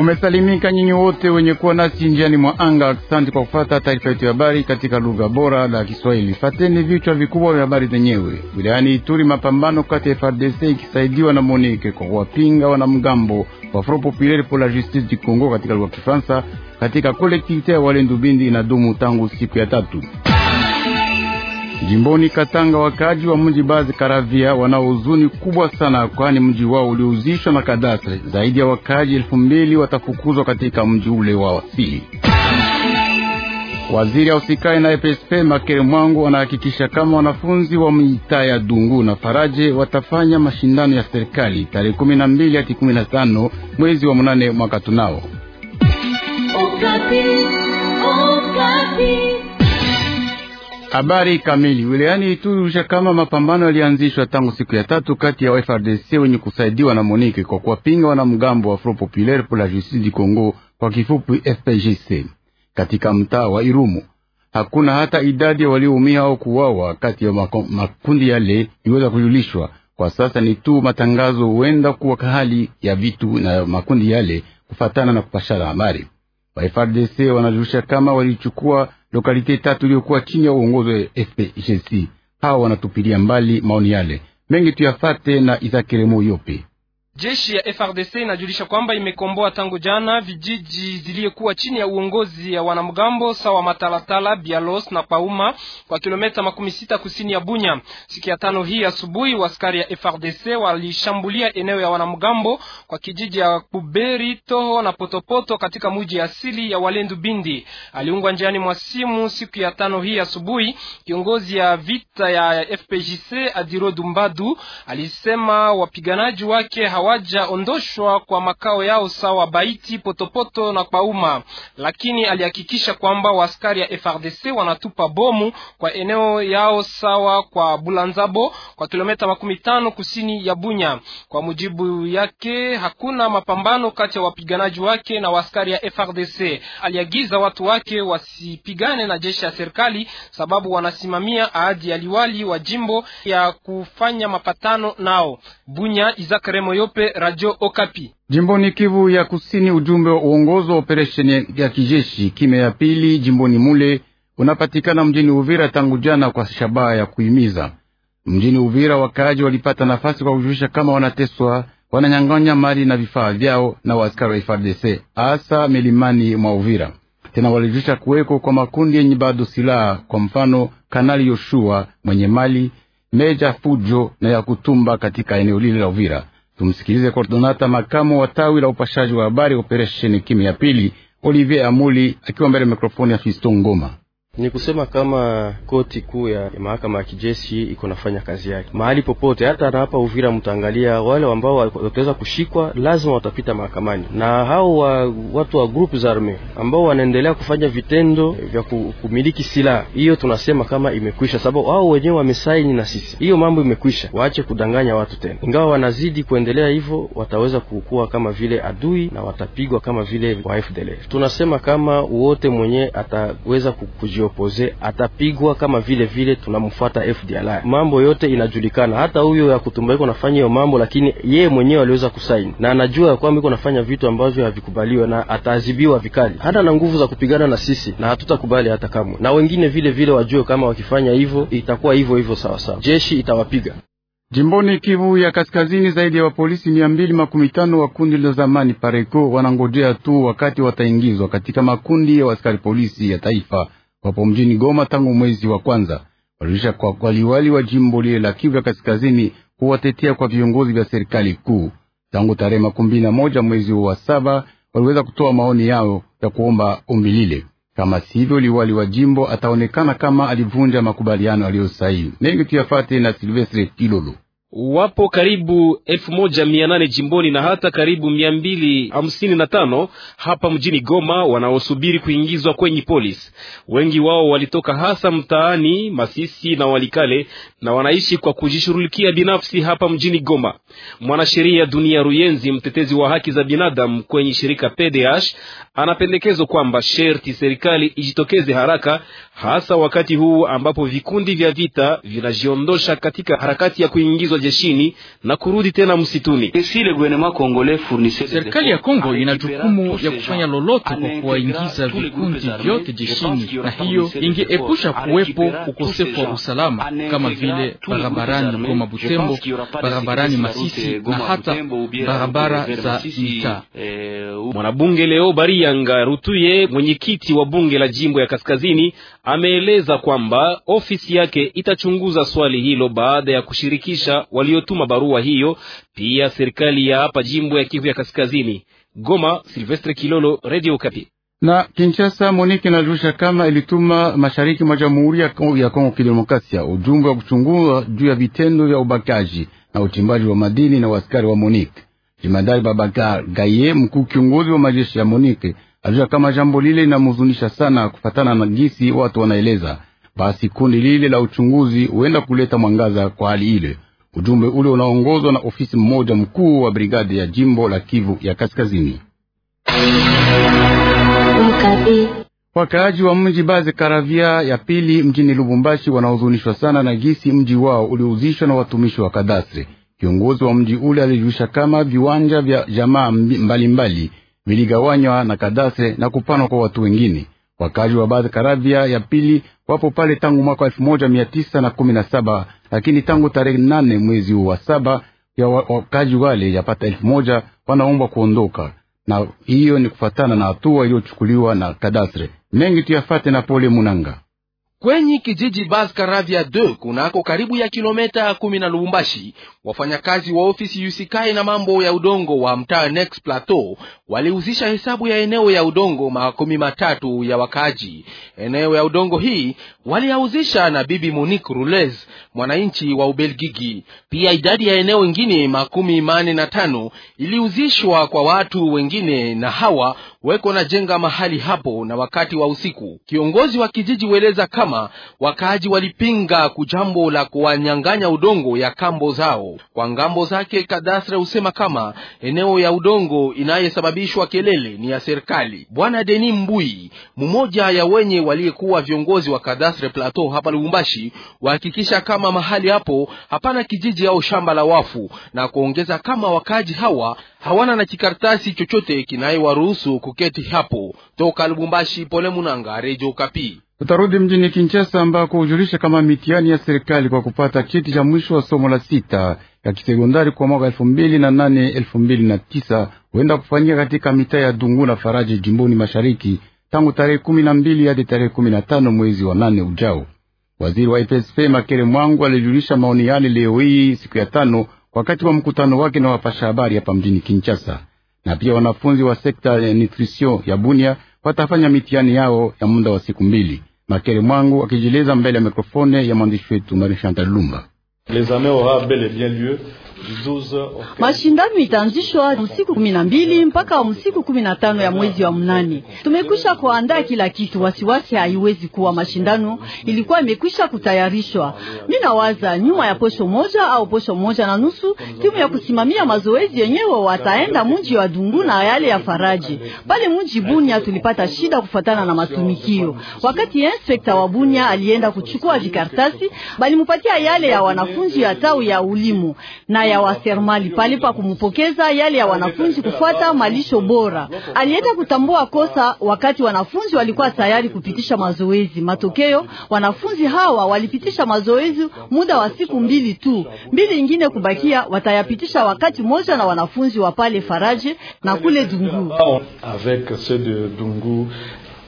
Mumesalimika nyinyi wote wenye kuwa nasi njiani mwa anga. Asante kwa kufata taarifa yetu ya habari katika lugha bora la Kiswahili. Fateni vichwa vikubwa vya habari zenyewe. Wilayani Ituri, mapambano kati ya FARDC ikisaidiwa na Monique kwa kuwapinga wanamgambo wa Front Populaire pour la Justice du Congo katika lugha ya Kifaransa katika kolektivite ya Walendu Bindi inadumu tangu siku ya tatu. Jimboni Katanga, wakaaji wa mji Bazi Karavia wana huzuni kubwa sana, kwani mji wao uliuzishwa na kadastre. Zaidi ya wakaaji elfu mbili watafukuzwa katika mji ule wa asili. Waziri ausikai na EPSP Makere Mwangu anahakikisha kama wanafunzi wa mitaa ya Dungu na Faraje watafanya mashindano ya serikali tarehe 12 hadi 15 mwezi wa munane mwaka tunao. Habari kamili wilayani Ituri kama mapambano yalianzishwa tangu siku ya tatu kati ya FRDC wenye kusaidiwa na Monique kwa kuwapinga wanamgambo wa Front Populaire pour la Justice du Congo, kwa kifupi FPJC, katika mtaa wa Irumu. Hakuna hata idadi ya walioumia au kuwawa kati ya makundi yale iweza kujulishwa kwa sasa. Ni tu matangazo huenda kuwa hali ya vitu na makundi yale kufatana na kupashana habari. Wa FRDC wanajulisha kama walichukua lokalite tatu iliyokuwa chini ya uongozi wa FPGC. Hawa wanatupilia mbali maoni yale mengi tuyafate na Izakiremo yope Jeshi ya FRDC inajulisha kwamba imekomboa tangu jana vijiji ziliyokuwa chini ya uongozi ya wanamgambo sawa Matalatala, Bialos na Pauma kwa kilomita makumi sita kusini ya Bunya. Siku ya tano hii asubuhi, waskari ya FRDC walishambulia eneo ya wanamgambo kwa kijiji ya Kuberi, Toho na Potopoto katika muji asili ya Walendu Bindi. Aliungwa njiani mwa simu siku ya tano hii asubuhi. Kiongozi ya vita ya FPJC Adiro Dumbadu alisema wapiganaji wake hawajaondoshwa kwa makao yao sawa Baiti, Potopoto na kwa umma lakini alihakikisha kwamba waaskari ya FRDC wanatupa bomu kwa eneo yao sawa kwa Bulanzabo, kwa kilomita makumi tano kusini ya Bunya. Kwa mujibu yake, hakuna mapambano kati ya wapiganaji wake na waaskari ya FRDC. Aliagiza watu wake wasipigane na jeshi ya serikali sababu wanasimamia ahadi ya liwali wa jimbo ya kufanya mapatano nao. Bunya, Isaac Remoyo, Tope, Radio Okapi. Jimboni Kivu ya Kusini, ujumbe wa uongozi wa operesheni ya kijeshi kime ya pili jimboni mule unapatikana mjini Uvira tangu jana kwa shabaha ya kuhimiza mjini Uvira. Wakaaji walipata nafasi kwa kujulisha kama wanateswa, wananyang'anya mali na vifaa vyao na waaskari wa FARDC hasa milimani mwa Uvira. Tena walijulisha kuweko kwa makundi yenye bado silaha, kwa mfano Kanali Yoshua mwenye mali, Meja Fujo na ya kutumba katika eneo lile la Uvira. Tumsikilize Kordonata, makamu wa tawi la upashaji wa habari operesheni kimya ya pili, Olivier Amuli akiwa mbele ya mikrofoni ya Fiston Ngoma. Ni kusema kama koti kuu ya mahakama ya kijeshi iko nafanya kazi yake mahali popote, hata na hapa Uvira mtaangalia wale ambao wataweza kushikwa lazima watapita mahakamani, na hao wa, watu wa grupu za arme ambao wanaendelea kufanya vitendo vya kumiliki silaha, hiyo tunasema kama imekwisha, sababu wao wenyewe wamesaini na sisi, hiyo mambo imekwisha. Waache kudanganya watu tena, ingawa wanazidi kuendelea hivyo, wataweza kukua kama vile adui na watapigwa kama vile wa FDLR. Tunasema kama wote mwenye ataweza kukujio opposé atapigwa kama vile vile tunamfuata FDLR. Mambo yote inajulikana, hata huyo ya kutumba iko nafanya hiyo mambo, lakini yeye mwenyewe aliweza kusaini na anajua kwamba iko nafanya vitu ambavyo havikubaliwe na ataadhibiwa vikali. Hana na nguvu za kupigana na sisi na hatutakubali hata kamwe, na wengine vile vile wajue kama wakifanya hivyo itakuwa hivyo hivyo sawasawa, jeshi itawapiga. Jimboni Kivu ya Kaskazini, zaidi ya wapolisi mia mbili makumi tano wa kundi la zamani Pareko wanangojea tu wakati wataingizwa katika makundi ya askari polisi ya taifa wapo mjini Goma tangu mwezi wa kwanza. Walijulisha kwa waliwali wa jimbo lile la Kivu ya Kaskazini kuwatetea kwa viongozi vya serikali kuu. Tangu tarehe makumi na moja mwezi wa saba waliweza kutoa maoni yao ya kuomba ombi lile. Kama sivyo, liwali wa jimbo ataonekana kama alivunja makubaliano aliyosaini. Mengi tuyafate na Silvestre Kilolo wapo karibu elfu moja mia nane jimboni na hata karibu mia mbili hamsini na tano hapa mjini Goma wanaosubiri kuingizwa kwenye polisi. Wengi wao walitoka hasa mtaani Masisi na Walikale na wanaishi kwa kujishughulikia binafsi hapa mjini Goma. Mwanasheria Dunia Ruyenzi, mtetezi wa haki za binadamu kwenye shirika PDH, anapendekezo kwamba sherti serikali ijitokeze haraka, hasa wakati huu ambapo vikundi vya vita vinajiondosha katika harakati ya kuingizwa jeshini na kurudi tena msituni. Serikali ya Kongo ina jukumu ya kufanya lolote kwa kuwaingiza vikundi vyote jeshini, na hiyo ingeepusha kuwepo ukosefu wa usalama kama vile barabarani Goma Butembo, barabarani Masisi na hata barabara za mitaa. Eh, Mwanabunge Leo Barianga Rutuye, mwenyekiti wa bunge la jimbo ya Kaskazini, ameeleza kwamba ofisi yake itachunguza swali hilo baada ya kushirikisha waliotuma barua hiyo, pia serikali ya hapa jimbo ya Kivu ya Kaskazini. Goma, Silvestre Kilolo, Radio Kapi na Kinshasa, Monique inajulisha kama ilituma mashariki mwa Jamhuri ya Kongo Kidemokrasia ujumbe wa kuchunguza juu ya vitendo vya ubakaji na uchimbaji wa madini na waskari wa monike jimadari Babakar Gaye, mkuu kiongozi wa majeshi ya monike ajulisha kama jambo lile linamhuzunisha sana, kufatana na gisi watu wanaeleza. Basi kundi lile la uchunguzi huenda kuleta mwangaza kwa hali ile. Ujumbe ule unaongozwa na ofisi mmoja mkuu wa brigade ya jimbo la Kivu ya Kaskazini. Wakaaji wa mji Baze Karavia ya pili mjini Lubumbashi wanahuzunishwa sana na gisi mji wao uliouzishwa na watumishi wa kadastre. Kiongozi wa mji ule alijulisha kama viwanja vya jamaa mbalimbali viligawanywa na kadastre na kupanwa kwa watu wengine. Wakazi wa Bad Karavia ya pili wapo pale tangu mwaka elfu moja mia tisa na kumi na saba lakini tangu tarehe nane mwezi wa saba ya wakazi wale yapata elfu moja wanaombwa kuondoka, na hiyo ni kufatana na hatua iliyochukuliwa na kadastre. Mengi tuyafate na pole munanga kwenye kijiji Baskaravya 2 kunako karibu ya kilometa kumi na Lubumbashi. Wafanyakazi wa ofisi Yusikai na mambo ya udongo wa mtaa Next Plateau walihuzisha hesabu ya eneo ya udongo makumi matatu ya wakaaji. Eneo ya udongo hii waliyauzisha na bibi Monique Rules, mwananchi wa Ubelgiji. Pia idadi ya eneo ingine makumi mane na tano iliuzishwa kwa watu wengine, na hawa weko na jenga mahali hapo na wakati wa usiku. Kiongozi wa kijiji weleza kama kama wakaaji walipinga kujambo la kuwanyang'anya udongo ya kambo zao. Kwa ngambo zake, kadastre husema kama eneo ya udongo inayesababishwa kelele ni ya serikali. Bwana Denis Mbui, mmoja ya wenye waliyekuwa viongozi wa kadastre plateau hapa Lubumbashi, wahakikisha kama mahali hapo hapana kijiji au shamba la wafu, na kuongeza kama wakaaji hawa hawana na kikaratasi chochote kinayewaruhusu kuketi hapo. Toka Lubumbashi, Pole Munanga, Redio Kapi. Tutarudi mjini Kinshasa ambako hujulisha kama mitihani ya serikali kwa kupata cheti cha mwisho wa somo la sita ya kisekondari kwa mwaka elfu mbili na nane elfu mbili na tisa huenda kufanyika katika mitaa ya Dungu na Faraji jimboni mashariki tangu tarehe kumi na mbili hadi tarehe kumi na tano mwezi wa nane ujao. Waziri wa IPSP Makere Mwangu alijulisha maoni yale leo hii siku ya tano wakati wa mkutano wake na wapasha habari hapa mjini Kinshasa. Na pia wanafunzi wa sekta ya nutrition ya Bunia watafanya mitihani yao ya muda wa siku mbili. Makere Mwangu akijieleza mbele ya mikrofone ya mwandishi wetu Marie Chantal Lumba. Mashindano itaanzishwa msiku kumi na mbili mpaka msiku kumi na tano ya mwezi wa mnane. Tumekwisha kuandaa kila kitu, wasiwasi haiwezi kuwa. Mashindano ilikuwa imekwisha kutayarishwa. Mimi nawaza nyuma ya posho moja au posho moja na nusu, timu ya kusimamia mazoezi yenyewe wataenda mji wa Dungu na yale ya Faraje. Pale mji Bunia tulipata shida kufatana na matumikio. Wakati inspekta wa Bunia alienda kuchukua vikartasi, balimpatia yale ya wanafunzi wanafunzi ya tau ya ulimu na ya wasermali pale pa kumupokeza yale ya wanafunzi kufuata malisho bora. Alienda kutambua kosa wakati wanafunzi walikuwa tayari kupitisha mazoezi. Matokeo, wanafunzi hawa walipitisha mazoezi muda wa siku mbili tu, mbili ingine kubakia watayapitisha wakati moja na wanafunzi wa pale Faraje na kule Dungu. Avec ceux de Dungu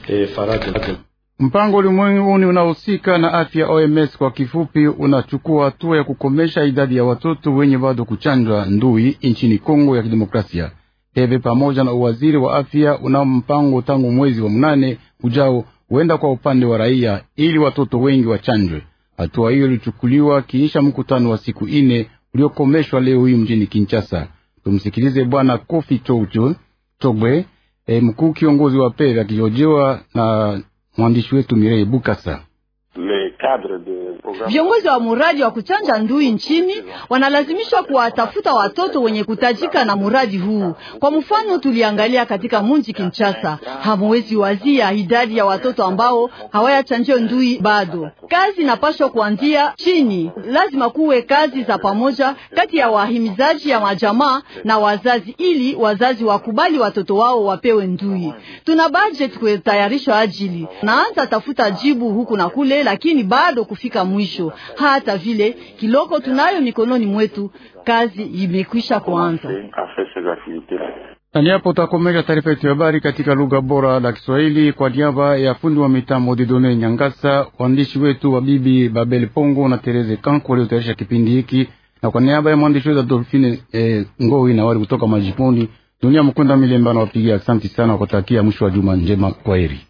et Faraje. Mpango ulimwenguni unahusika na afya OMS kwa kifupi, unachukua hatua ya kukomesha idadi ya watoto wenye bado kuchanjwa ndui nchini Kongo ya Kidemokrasia. Heve pamoja na uwaziri wa afya unao mpango tangu mwezi wa mnane ujao huenda kwa upande wa raia ili watoto wengi wachanjwe. Hatua hiyo ilichukuliwa kiisha mkutano wa siku ine uliokomeshwa leo hii mjini Kinshasa. Tumsikilize Bwana Kofi Chogwe, eh, mkuu kiongozi wa Pepe akihojiwa na Mwandishi wetu Mirei Bukasa. Viongozi wa muradi wa kuchanja ndui nchini wanalazimishwa kuwatafuta watoto wenye kutajika na muradi huu. Kwa mfano, tuliangalia katika munji Kinshasa, hamuwezi wazia idadi ya watoto ambao hawayachanjio ndui bado. Kazi inapashwa kuanzia chini, lazima kuwe kazi za pamoja kati ya wahimizaji ya majamaa na wazazi, ili wazazi wakubali watoto wao wapewe ndui. Tuna budget kutayarishwa ajili, naanza tafuta jibu huku na kule, lakini bado kufika mwisho. Hata vile kiloko tunayo mikononi mwetu, kazi imekwisha kuanza. Nani hapo takomesha taarifa yetu ya habari katika lugha bora la Kiswahili kwa niaba ya fundi wa mitambo Didone Nyangasa, waandishi wetu wa bibi Babel Pongo na Tereze Kanko waliotayarisha kipindi hiki, na kwa niaba ya mwandishi wetu Dolfine eh, ngoi na wale kutoka Majiponi Dunia Mkwenda Milemba na wapigia asanti sana, wakutakia mwisho wa juma njema. Kwaheri.